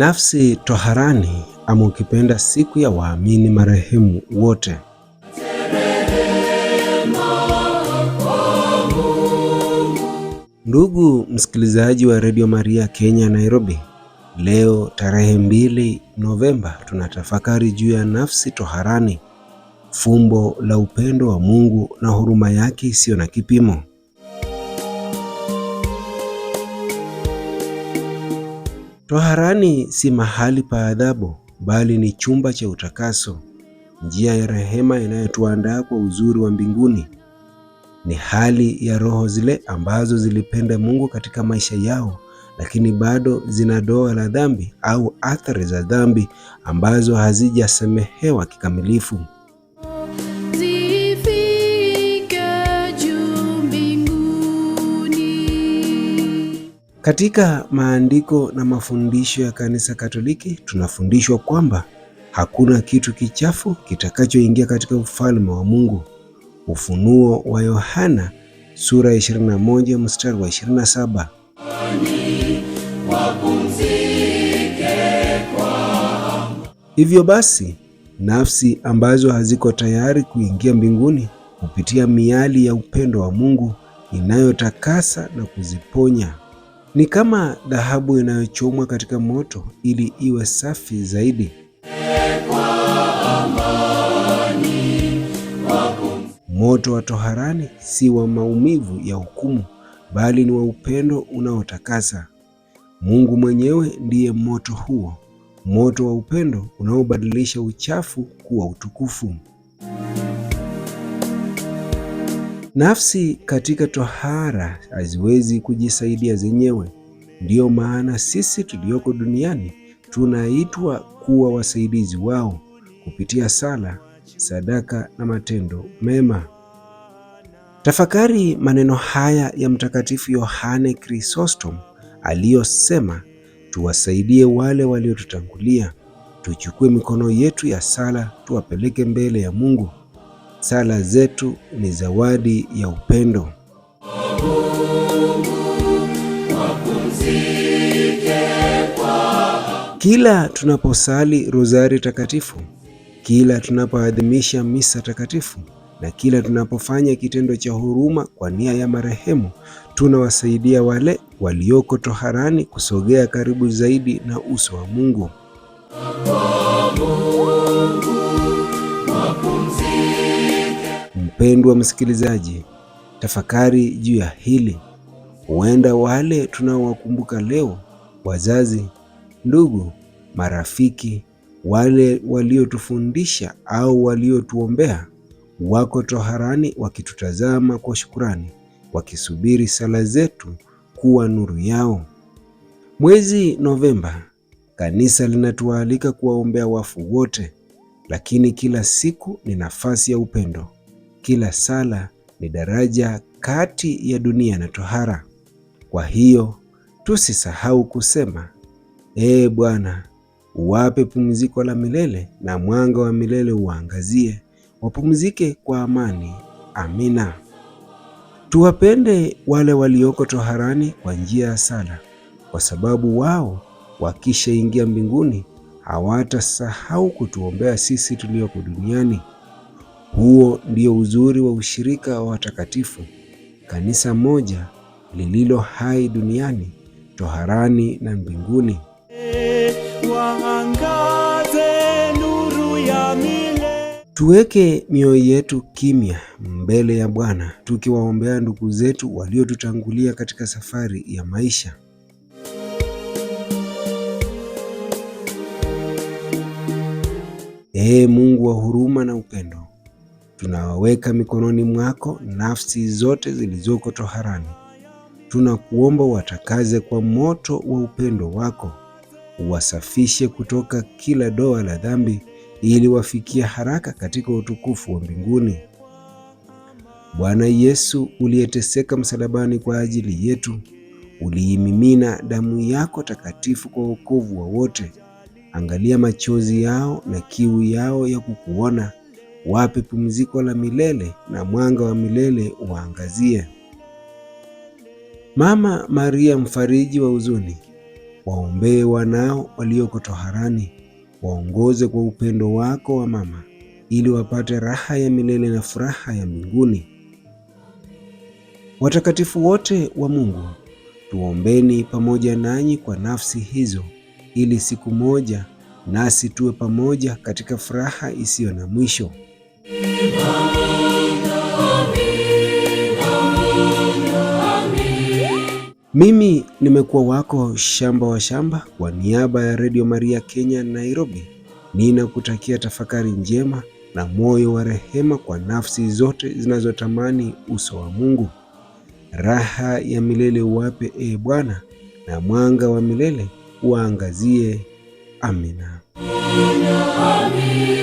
Nafsi toharani ama ukipenda siku ya waamini marehemu wote. Ndugu msikilizaji wa Radio Maria Kenya Nairobi, leo tarehe mbili Novemba tunatafakari juu ya nafsi toharani, fumbo la upendo wa Mungu na huruma yake isiyo na kipimo. Toharani si mahali pa adhabu, bali ni chumba cha utakaso, njia ya rehema inayotuandaa kwa uzuri wa mbinguni. Ni hali ya roho zile ambazo zilipenda Mungu katika maisha yao, lakini bado zina doa la dhambi au athari za dhambi ambazo hazijasamehewa kikamilifu. Katika maandiko na mafundisho ya kanisa Katoliki tunafundishwa kwamba hakuna kitu kichafu kitakachoingia katika ufalme wa Mungu. Ufunuo wa Yohana sura ya 21 mstari wa 27. Hivyo basi, nafsi ambazo haziko tayari kuingia mbinguni kupitia miali ya upendo wa Mungu inayotakasa na kuziponya ni kama dhahabu inayochomwa katika moto ili iwe safi zaidi. Moto wa toharani si wa maumivu ya hukumu, bali ni wa upendo unaotakasa. Mungu mwenyewe ndiye moto huo, moto wa upendo unaobadilisha uchafu kuwa utukufu. Nafsi katika tohara haziwezi kujisaidia zenyewe. Ndiyo maana sisi tulioko duniani tunaitwa kuwa wasaidizi wao kupitia sala, sadaka na matendo mema. Tafakari maneno haya ya Mtakatifu Yohane krisostom aliyosema, tuwasaidie wale waliotutangulia, tuchukue mikono yetu ya sala tuwapeleke mbele ya Mungu. Sala zetu ni zawadi ya upendo. Kila tunaposali rozari takatifu, kila tunapoadhimisha misa takatifu na kila tunapofanya kitendo cha huruma kwa nia ya marehemu, tunawasaidia wale walioko toharani kusogea karibu zaidi na uso wa Mungu. Mpendwa msikilizaji, tafakari juu ya hili. Huenda wale tunaowakumbuka leo, wazazi, ndugu, marafiki, wale waliotufundisha au waliotuombea, wako toharani wakitutazama kwa shukrani, wakisubiri sala zetu kuwa nuru yao. Mwezi Novemba, kanisa linatualika kuwaombea wafu wote, lakini kila siku ni nafasi ya upendo kila sala ni daraja kati ya dunia na tohara. Kwa hiyo tusisahau kusema, Ee Bwana, uwape pumziko la milele na mwanga wa milele uwaangazie, wapumzike kwa amani. Amina. Tuwapende wale walioko toharani kwa njia ya sala, kwa sababu wao wakishaingia mbinguni hawatasahau kutuombea sisi tulioko duniani. Huo ndio uzuri wa ushirika wa watakatifu, kanisa moja lililo hai duniani, toharani na mbinguni. Tuweke mioyo yetu kimya mbele ya Bwana tukiwaombea ndugu zetu waliotutangulia katika safari ya maisha. Ee Mungu wa huruma na upendo, tunawaweka mikononi mwako nafsi zote zilizoko toharani. Tunakuomba watakaze kwa moto wa upendo wako, uwasafishe kutoka kila doa la dhambi, ili wafikia haraka katika utukufu wa mbinguni. Bwana Yesu uliyeteseka msalabani kwa ajili yetu, uliimimina damu yako takatifu kwa wokovu wa wote. Angalia machozi yao na kiu yao ya kukuona wape pumziko la milele na mwanga wa milele uwaangazie. Mama Maria, mfariji wa huzuni, waombee wanao walioko toharani, waongoze kwa upendo wako wa mama, ili wapate raha ya milele na furaha ya mbinguni. Watakatifu wote wa Mungu, tuombeni pamoja nanyi kwa nafsi hizo, ili siku moja nasi tuwe pamoja katika furaha isiyo na mwisho. Mimi nimekuwa wako shamba wa shamba. Kwa niaba ya Redio Maria Kenya Nairobi, ninakutakia tafakari njema na moyo wa rehema kwa nafsi zote zinazotamani uso wa Mungu. Raha ya milele uwape e Bwana, na mwanga wa milele uwaangazie. Amina, amina, amina.